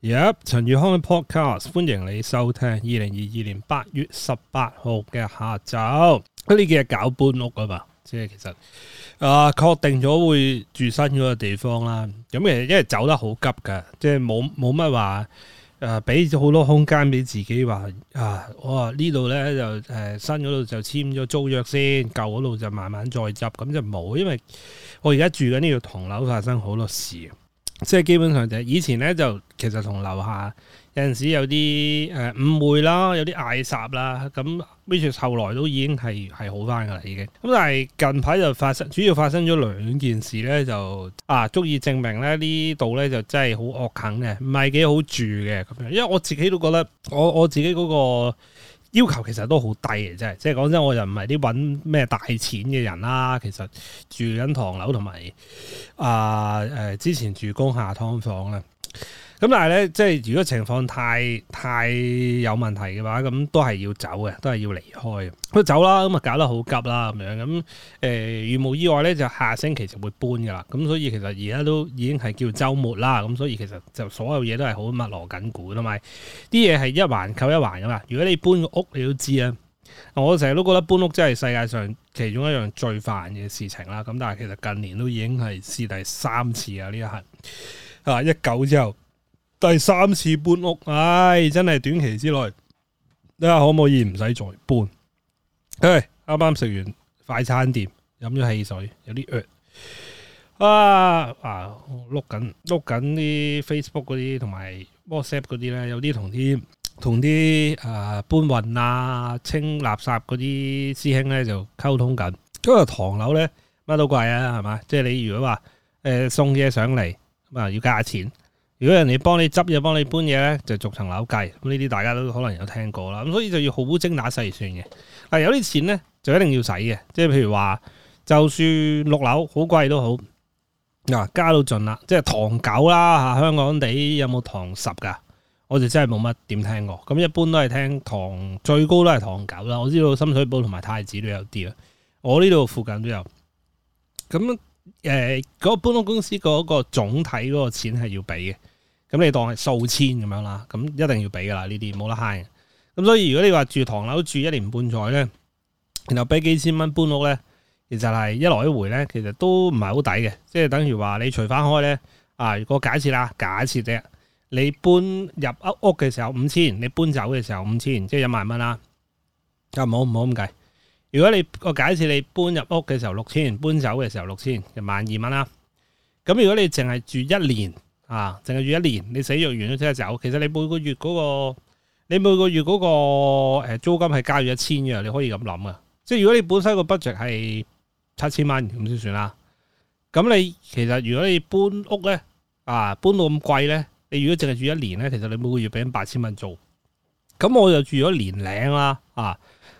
Yep，陳宇康嘅 podcast，歡迎你收聽2022年8月18日的下。二零二二年八月十八號嘅下晝，呢幾日搞搬屋啊嘛，即係其實啊、呃，確定咗會住新嗰個地方啦。咁、嗯、其實因為走得好急嘅，即係冇冇乜話誒，俾咗好多空間俾自己話啊，我呢度咧就誒、呃、新嗰度就簽咗租約先，舊嗰度就慢慢再執，咁、嗯、就冇，因為我而家住緊呢度唐樓發生好多事。即係基本上就以前咧就其實同樓下有陣時有啲誒誤會啦，有啲嗌霎啦，咁跟住後來都已經係係好返㗎喇，已經了了。咁但係近排就發生，主要發生咗兩件事咧，就啊足以證明咧呢度咧就真係好惡啃嘅，唔係幾好住嘅咁樣。因為我自己都覺得，我我自己嗰個。要求其實都好低嘅，啫，即係講真，我又唔係啲揾咩大錢嘅人啦。其實住緊唐樓同埋啊誒，之前住工廈劏房咧。咁但係咧，即係如果情況太太有問題嘅話，咁都係要走嘅，都係要離開。都走啦，咁啊搞得好急啦咁樣。咁誒，如、呃、無意外咧，就下星期就會搬噶啦。咁所以其實而家都已經係叫周末啦。咁所以其實就所有嘢都係好密鑼緊鼓，同埋啲嘢係一環扣一環噶嘛。如果你搬屋，你都知啊。我成日都覺得搬屋真係世界上其中一樣最煩嘅事情啦。咁但係其實近年都已經係是試第三次刻啊呢一刻啊一九之後第三次搬屋，唉、哎，真係短期之內，你話可唔可以唔使再搬？嘿，啱啱食完快餐店，飲咗汽水，有啲熱啊！啊，碌緊碌緊啲 Facebook 嗰啲，同埋 WhatsApp 嗰啲呢，有啲同啲同啲誒搬運啊、清垃圾嗰啲師兄呢就溝通緊。因、啊、為唐樓呢乜都貴啊，係嘛？即係你如果話誒、呃、送嘢上嚟咁啊，要加錢。如果人哋幫你執嘢、又幫你搬嘢咧，就逐層樓計。咁呢啲大家都可能有聽過啦。咁所以就要好精打細算嘅。但有啲錢咧就一定要使嘅。即係譬如話，就算六樓好貴都好，嗱、啊、加到盡啦。即係唐九啦嚇，香港地有冇唐十噶？我就真係冇乜點聽過。咁一般都係聽唐，最高都係唐九啦。我知道深水埗同埋太子都有啲啦。我呢度附近都有。咁嗰、呃嗰個，搬屋公司嗰個總體嗰個錢係要俾嘅。咁你當係數千咁樣啦，咁一定要俾噶啦，呢啲冇得慳。咁所以如果你話住唐樓住一年半載咧，然後俾幾千蚊搬屋咧，其實係一來一回咧，其實都唔係好抵嘅，即係等於話你除翻開咧，啊，如果假設啦，假設啫，你搬入屋屋嘅時候五千，你搬走嘅時候五千，即係一萬蚊啦。啊，唔好唔好咁計。如果你我假設你搬入屋嘅時候六千，搬走嘅時候六千，就萬二蚊啦。咁如果你淨係住一年。啊！淨係住一年，你死約完都即刻走。其實你每個月嗰、嗰個，你每個月嗰個誒租金係加住一千嘅，你可以咁諗啊。即係如果你本身個 budget 係七千蚊咁先算啦。咁你其實如果你搬屋咧，啊搬到咁貴咧，你如果淨係住一年咧，其實你每個月俾咗八千蚊租。咁我就住咗年零啦，啊。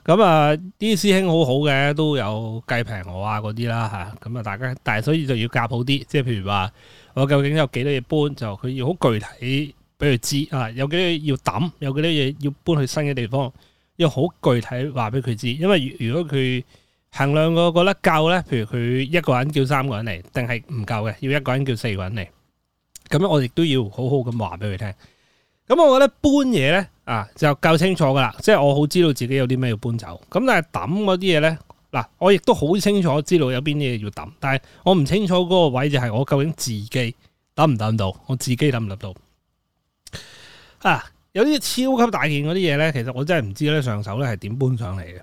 咁啊，啲師兄好好嘅，都有計平我啊嗰啲啦嚇。咁啊，大家但係所以就要夾好啲，即係譬如話，我究竟有幾多嘢搬，就佢要好具體俾佢知啊。有幾多要揼，有幾多嘢要，要搬去新嘅地方，要好具體話俾佢知。因為如果佢衡量我覺得夠咧，譬如佢一個人叫三個人嚟，定係唔夠嘅，要一個人叫四個人嚟。咁我亦都要好好咁話俾佢聽。咁、嗯、我覺得搬嘢咧啊就夠清楚噶啦，即係我好知道自己有啲咩要搬走。咁但係抌嗰啲嘢咧，嗱、啊、我亦都好清楚知道有邊啲嘢要抌，但係我唔清楚嗰個位置就係我究竟自己抌唔抌到，我自己抌唔抌到啊！有啲超級大件嗰啲嘢咧，其實我真係唔知咧上手咧係點搬上嚟嘅，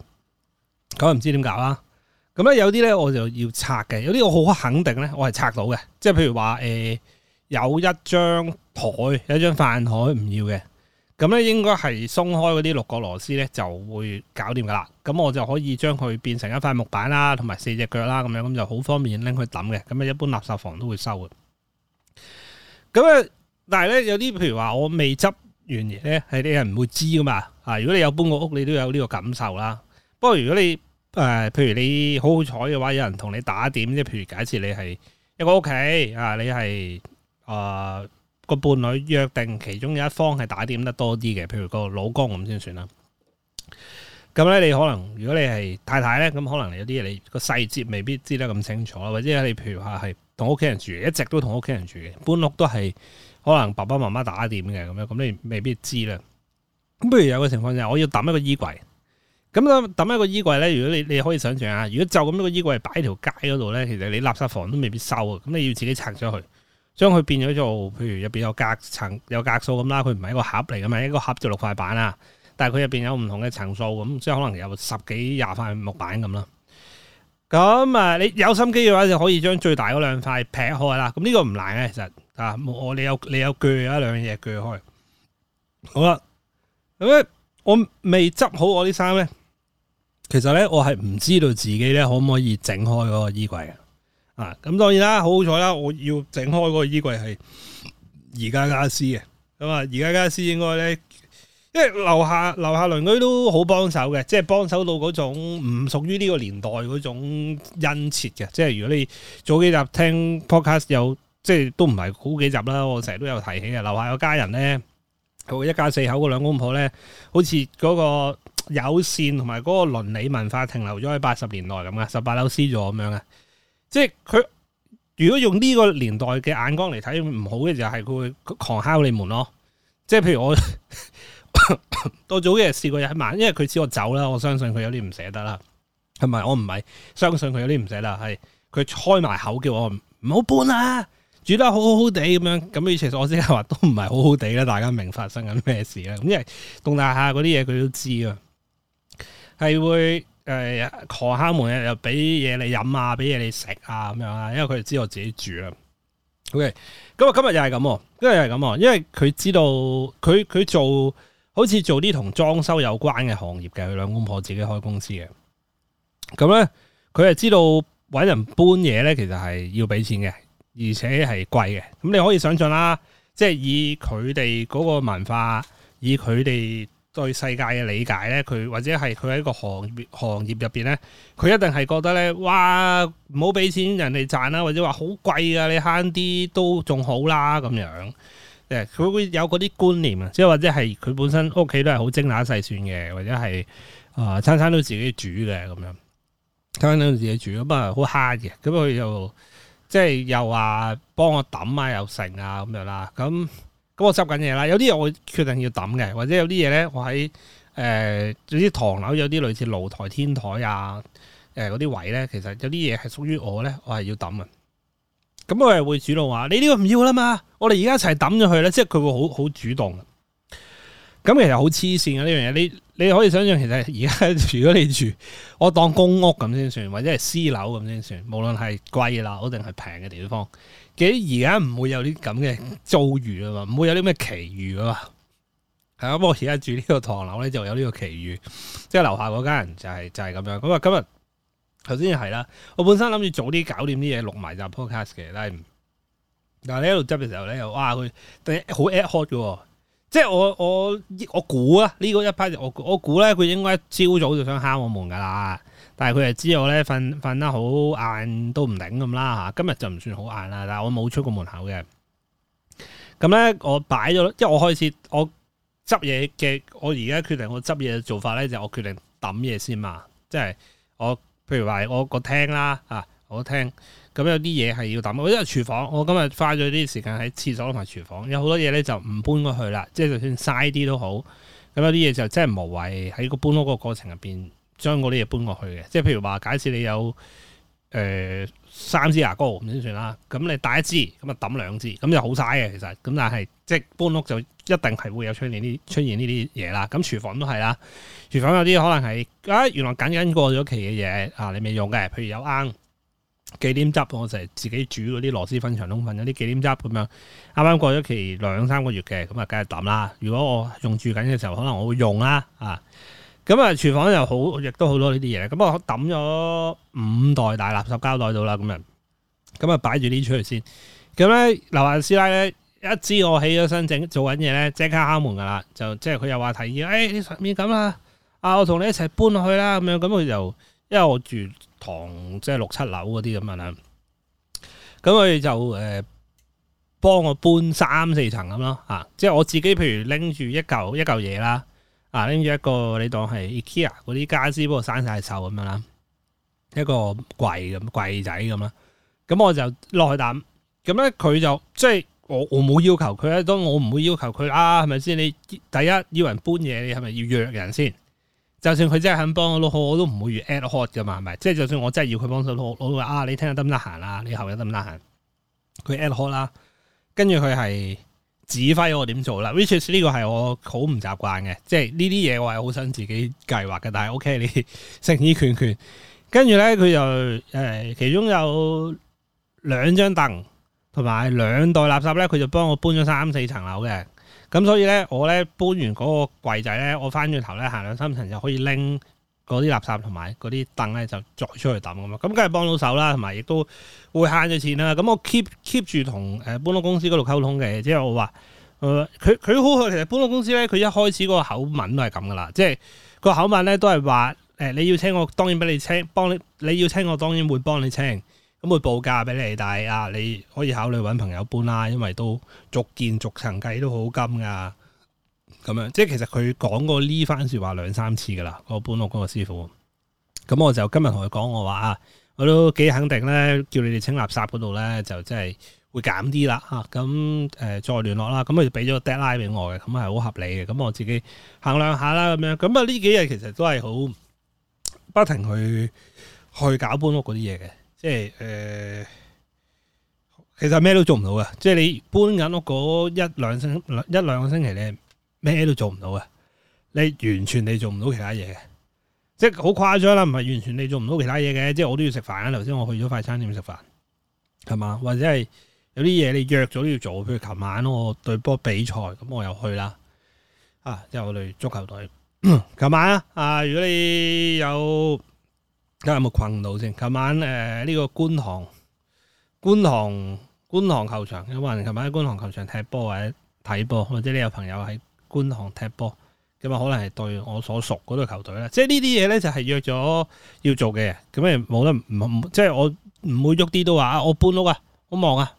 咁唔知點搞啦。咁、嗯、咧、嗯、有啲咧我就要拆嘅，有啲我好肯定咧，我係拆到嘅，即係譬如話誒。欸有一張台，有一張飯台唔要嘅，咁咧應該係鬆開嗰啲六角螺絲咧，就會搞掂噶啦。咁我就可以將佢變成一塊木板啦，同埋四隻腳啦，咁樣咁就好方便拎去抌嘅。咁啊，一般垃圾房都會收嘅。咁啊，但係咧有啲譬如話我未執完嘢咧，係啲人唔會知噶嘛。啊，如果你有搬過屋，你都有呢個感受啦。不過如果你誒、啊，譬如你好好彩嘅話，有人同你打點，即係譬如假設你係一個屋企啊，你係。啊、呃，個伴侶約定其中有一方係打點得多啲嘅，譬如個老公咁先算啦。咁咧，你可能如果你係太太咧，咁可能有啲嘢，你個細節未必知得咁清楚，或者你譬如話係同屋企人住，一直都同屋企人住，搬屋都係可能爸爸媽媽打點嘅咁樣，咁你未必知啦。咁不如有個情況就係我要抌一個衣櫃，咁啊抌一個衣櫃咧，如果你你可以想象下，如果就咁呢個衣櫃擺條街嗰度咧，其實你垃圾房都未必收啊，咁你要自己拆咗去。將佢變咗做，譬如入邊有隔層、有格數咁啦，佢唔係一個盒嚟噶嘛，一個盒就六塊板啦，但係佢入邊有唔同嘅層數咁，即係可能有十幾廿塊木板咁啦。咁啊，你有心機嘅話，就可以將最大嗰兩塊劈開啦。咁呢個唔難嘅，其實啊，我你有你有鋸，一兩嘢鋸開，好啦。咁咧，我未執好我啲衫咧，其實咧，我係唔知道自己咧可唔可以整開嗰個衣櫃嘅。啊，咁當然啦，好好彩啦！我要整開嗰個衣櫃係宜家家私嘅，咁啊，宜家家私應該咧，因為樓下樓下鄰居都好幫手嘅，即係幫手到嗰種唔屬於呢個年代嗰種殷切嘅。即係如果你早幾集聽 podcast 有，即係都唔係好幾集啦，我成日都有提起嘅樓下個家人咧，佢會一家四口嗰兩公婆咧，好似嗰個友善同埋嗰個倫理文化停留咗喺八十年代咁啊，十八樓 C 座咁樣嘅。即係佢，如果用呢個年代嘅眼光嚟睇，唔好嘅就係佢會狂敲你門咯。即係譬如我， 到早幾日試過有一晚，因為佢知我走啦，我相信佢有啲唔捨得啦。係咪？我唔係相信佢有啲唔捨得，係佢開埋口叫我唔好搬啦，住得好好好地咁樣。咁其實我即係話都唔係好好地啦，大家明發生緊咩事咧？咁因為棟大廈嗰啲嘢佢都知啊，係會。誒、呃，敲門又俾嘢你飲啊，俾嘢你食啊，咁樣啊，因為佢哋知道我自己住啦。O K，咁啊，今日又係咁，今日又係咁啊，因為佢知道佢佢做，好似做啲同裝修有關嘅行業嘅，佢兩公婆自己開公司嘅。咁咧，佢係知道搵人搬嘢咧，其實係要俾錢嘅，而且係貴嘅。咁你可以想象啦，即係以佢哋嗰個文化，以佢哋。對世界嘅理解咧，佢或者係佢喺個行業行業入邊咧，佢一定係覺得咧，哇，唔好俾錢人哋賺啦，或者話好貴啊，你慳啲都仲好啦咁樣。誒，佢會有嗰啲觀念啊，即係或者係佢本身屋企都係好精打細算嘅，或者係啊、呃、餐餐都自己煮嘅咁樣，餐餐都自己煮不過好慳嘅。咁佢又即係又話幫我抌啊又剩啊咁樣啦，咁。咁、嗯、我執緊嘢啦，有啲嘢我會決定要抌嘅，或者有啲嘢咧，我喺誒，總之唐樓有啲類似露台天台啊，誒，嗰啲位咧，其實有啲嘢係屬於我咧，我係要抌啊。咁我係會主動話：你呢個唔要啦嘛，我哋而家一齊抌咗佢啦。即係佢會好好主動。咁其實好黐線啊，呢樣嘢，你你可以想象，其實而家如果你住，我當公屋咁先算，或者係私樓咁先算，無論係貴樓定係平嘅地方，其實而家唔會有啲咁嘅遭遇啊嘛，唔會有啲咩奇遇啊嘛。係啊，不過而家住呢個唐樓咧，就有呢個奇遇，即係樓下嗰間人就係、是、就係、是、咁樣。咁啊今日頭先係啦，我本身諗住早啲搞掂啲嘢錄埋集 podcast 嘅，但係，但係你喺度執嘅時候咧，又哇佢好 ad hoc 嘅。即係我我我估啊，呢個一批我我估咧，佢應該朝早就想敲我門噶啦，但係佢又知我咧瞓瞓得好晏都唔定咁啦吓，今日就唔算好晏啦，但係我冇出過門口嘅。咁咧我擺咗，即係我開始我執嘢嘅，我而家決定我執嘢嘅做法咧就我決定抌嘢先嘛，即係我譬如話我個廳啦啊，我個廳。咁有啲嘢係要抌，我因為廚房，我今日花咗啲時間喺廁所同埋廚房，有好多嘢咧就唔搬過去啦，即係就算嘥啲都好。咁有啲嘢就即係無謂喺個搬屋個過程入邊將嗰啲嘢搬過去嘅，即係譬如話，假設你有、呃、三支牙膏咁先算啦，咁你帶一支，咁啊抌兩支，咁就好嘥嘅其實。咁但係即係搬屋就一定係會有出現呢出現呢啲嘢啦。咁廚房都係啦，廚房有啲可能係啊，原來緊緊過咗期嘅嘢啊，你未用嘅，譬如有啱。忌廉汁我成日自己煮嗰啲螺絲粉、長通粉、嗰啲忌廉汁咁樣，啱啱過咗期兩三個，個月嘅，咁啊梗係抌啦。如果我用住緊嘅時候，可能我會用啦啊。咁啊，廚房又好，亦都好多呢啲嘢。咁我抌咗五袋大、大、大垃圾膠袋到啦。咁、嗯、啊，咁啊、嗯、擺住、嗯、呢出嚟先。咁咧，樓下師奶咧一知我起咗身整做緊嘢咧，即刻敲門噶啦。就即係佢又話提議，誒呢上面咁啦，啊我同你一齊搬落去啦咁樣。咁、嗯、佢、嗯、就因為我住。房即係六七樓嗰啲咁樣啦，咁佢就誒幫、呃、我搬三四層咁咯吓，即係我自己譬如拎住一嚿一嚿嘢啦，啊拎住一個你當係 IKEA 嗰啲家私，不過生晒臭咁樣啦，一個櫃咁櫃仔咁啦，咁我就落去擔，咁咧佢就即係我我冇要求佢咧，當我唔會要求佢啊，係咪先？你第一要人搬嘢，你係咪要約人先？就算佢真係肯幫我攞好，我都唔會越 ad hoc 㗎嘛，係咪？即係就算我真係要佢幫手攞，我話啊，你聽日得唔得閒啊？你後日得唔得閒？佢 ad hoc 啦，跟住佢係指揮我點做啦。which is 呢個係我好唔習慣嘅，即係呢啲嘢我係好想自己計劃嘅。但係 OK，你誠意拳拳，跟住咧佢就誒，其中有兩張凳同埋兩袋垃圾咧，佢就幫我搬咗三四層樓嘅。咁所以咧，我咧搬完嗰個櫃仔咧，我翻轉頭咧行兩三層就可以拎嗰啲垃圾同埋嗰啲凳咧，就再出去抌咁啊！咁梗係幫到手啦，同埋亦都會慳咗錢啦。咁我 keep keep 住同誒搬屋公司嗰度溝通嘅，即係我話誒，佢佢好嘅。其實搬屋公司咧，佢一開始嗰個口吻都係咁噶啦，即係個口吻咧都係話誒，你要清我當然俾你清，幫你你要清我當然會幫你清。咁會報價俾你，但係啊，你可以考慮搵朋友搬啦，因為都逐件逐層計都好金噶，咁樣即係其實佢講過呢番說話兩三次噶啦，個搬屋嗰個師傅。咁我就今日同佢講，我話啊，我都幾肯定咧，叫你哋清垃圾嗰度咧，就真係會減啲啦吓。咁、啊、誒、呃，再聯絡啦。咁佢俾咗個 deadline 俾我嘅，咁係好合理嘅。咁我自己衡量下啦，咁樣。咁啊呢幾日其實都係好不停去去搞搬屋嗰啲嘢嘅。即係誒，其實咩都做唔到噶。即係你搬緊屋嗰一兩星一兩個星期，星期你咩都做唔到啊！你完全你做唔到其他嘢嘅，即係好誇張啦。唔係完全你做唔到其他嘢嘅，即係我都要食飯啊。頭先我去咗快餐店食飯，係嘛？或者係有啲嘢你約咗都要做，譬如琴晚我對波比賽，咁我又去啦。啊，即係我哋足球隊。琴 晚啊，啊，如果你有。睇下有冇困到先。琴晚誒呢、呃這個觀塘觀塘觀塘球場，有冇人琴晚喺觀塘球場踢波或者睇波，或者你有朋友喺觀塘踢波，咁啊可能係對我所熟嗰隊球隊咧。即係呢啲嘢咧就係約咗要做嘅，咁誒冇得唔即係我唔會喐啲都話啊，我搬屋啊，我忙啊，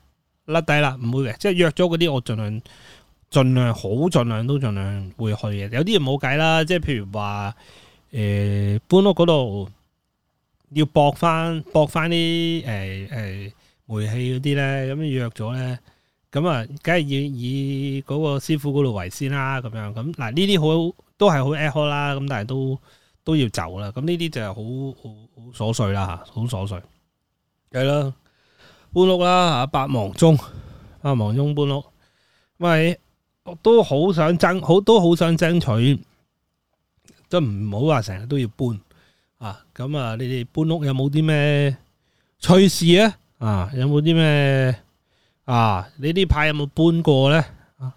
甩底啦，唔會嘅。即係約咗嗰啲，我儘量儘量好，儘量都儘量會去嘅。有啲人冇計啦，即係譬如話誒、呃、搬屋嗰度。要駁翻駁翻啲誒誒煤氣嗰啲咧，咁約咗咧，咁啊，梗係要以嗰個師傅嗰度為先啦，咁樣咁嗱呢啲好都係好 echo 啦，咁但係都都要走啦，咁呢啲就好好好瑣碎啦，好瑣碎，係啦，搬屋啦吓，百忙中，百忙中搬屋，喂，我都好想爭，好都好想爭取，即唔好話成日都要搬。啊，咁啊，你哋搬屋有冇啲咩趣事咧？啊，有冇啲咩啊？你呢排有冇搬過咧？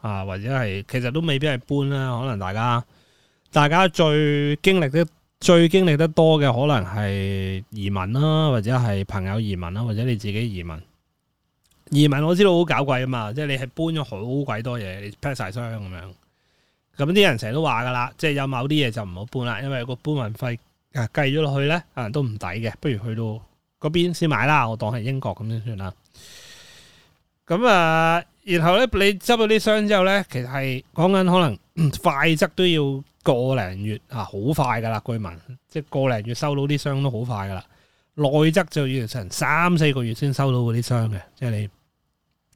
啊，或者係其實都未必係搬啦，可能大家大家最經歷得最經歷得多嘅，可能係移民啦，或者係朋友移民啦，或者你自己移民。移民我知道好搞鬼啊嘛，即係你係搬咗好鬼多嘢，你劈晒箱咁樣。咁啲人成日都話噶啦，即係有某啲嘢就唔好搬啦，因為個搬運費。啊，計咗落去咧，啊都唔抵嘅，不如去到嗰邊先買啦。我當係英國咁先算啦。咁啊，然後咧，你執到啲箱之後咧，其實係講緊可能快則都要個零月啊，好快噶啦，居民。即係個零月收到啲箱都好快噶啦。內則就要成三四個月先收到嗰啲箱嘅，即係你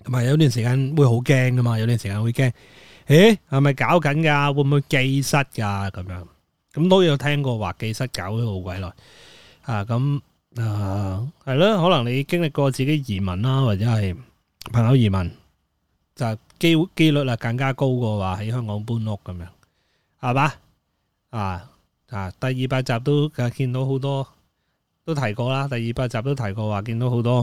同埋有段時間會好驚噶嘛，有段時間會驚，誒係咪搞緊噶，會唔會寄失噶咁樣？咁都有聽過話寄失搞咗好鬼耐啊！咁啊係咯，可能你經歷過自己移民啦，或者係朋友移民，就機機率啊更加高過話喺香港搬屋咁樣，係嘛，啊啊！第二百集都見到好多都提過啦，第二百集都提過話見到好多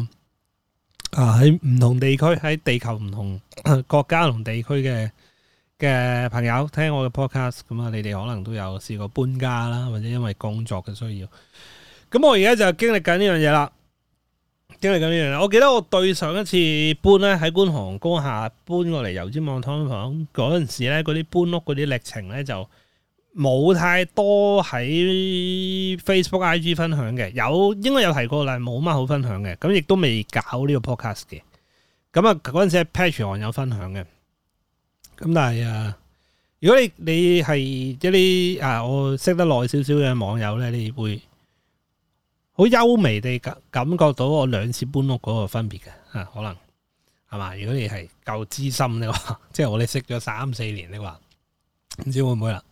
啊喺唔同地區喺地球唔同國家同地區嘅。嘅朋友聽我嘅 podcast 咁啊，你哋可能都有試過搬家啦，或者因為工作嘅需要。咁我而家就在經歷緊呢樣嘢啦，經歷緊呢樣嘢。我記得我對上一次搬咧喺觀塘工廈搬過嚟油尖旺湯房嗰陣時咧，嗰啲搬屋嗰啲歷程咧就冇太多喺 Facebook、IG 分享嘅，有應該有提過啦，冇乜好分享嘅。咁亦都未搞呢個 podcast 嘅。咁啊，嗰陣時 Patreon 有分享嘅。咁但係啊，如果你你係一啲啊，我識得耐少少嘅網友咧，你會好優微地感覺到我兩次搬屋嗰個分別嘅啊，可能係嘛？如果你係夠資深嘅話即係我哋識咗三四年話，你話唔知會唔會啦？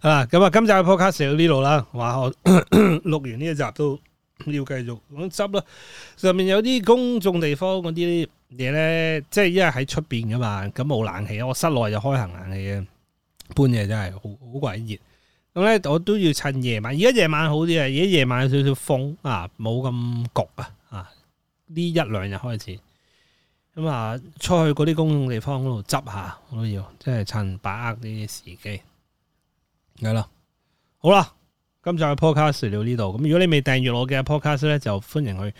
啊，咁啊，今集嘅 podcast 就到呢度啦，話我錄 完呢一集都要繼續咁執啦，上面有啲公眾地方嗰啲。嘢咧，即係因為喺出邊噶嘛，咁冇冷氣，我室內就開行冷氣嘅，半夜真係好好鬼熱。咁咧，我都要趁夜晚，而家夜晚好啲啊，而家夜晚有少少風啊，冇咁焗啊，啊呢一兩日開始。咁啊，出去嗰啲公共地方嗰度執下，我都要，即係趁把握呢啲時機。係啦，好啦，今集嘅 podcast 聊呢度。咁如果你未訂閱我嘅 podcast 咧，就歡迎去。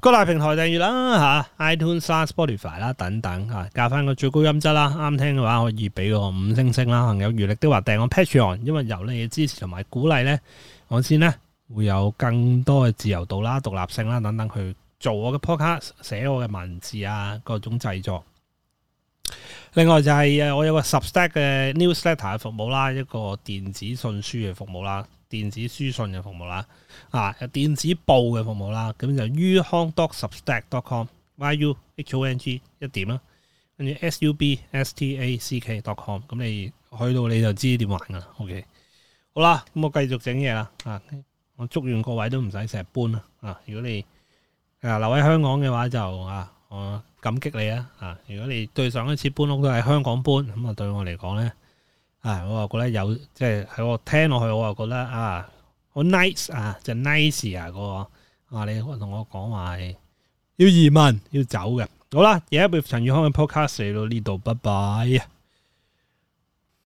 各大平台訂閱啦，吓 iTunes、Spotify 啦等等吓，教翻個最高音質啦，啱聽嘅話可以俾個五星星啦。行有餘力都話訂我 Patreon，因為由你嘅支持同埋鼓勵咧，我先咧會有更多嘅自由度啦、獨立性啦等等去做我嘅 podcast、寫我嘅文字啊、各種製作。另外就係誒，我有個 Substack 嘅 newsletter 嘅服務啦，一個電子信書嘅服務啦。電子書信嘅服務啦，啊，有電子報嘅服務啦，咁就 u h o n g d o c s t a c k c o m yu h o n g 一點啦，跟住 s u b s t a c k.com，咁你去到你就知點玩噶啦。OK，好啦，咁我繼續整嘢啦，啊，我祝願各位都唔使成日搬啦，啊，如果你、啊、留喺香港嘅話就啊，我感激你啊，啊，如果你對上一次搬屋都係香港搬，咁啊對我嚟講咧。啊！我又覺得有即係喺我聽落去，我又覺得啊好 nice 啊，就 nice 啊，嗰、那個啊，你同我講話要移民要走嘅，好啦，而家俾陳宇康嘅 podcast 嚟到呢度，拜拜。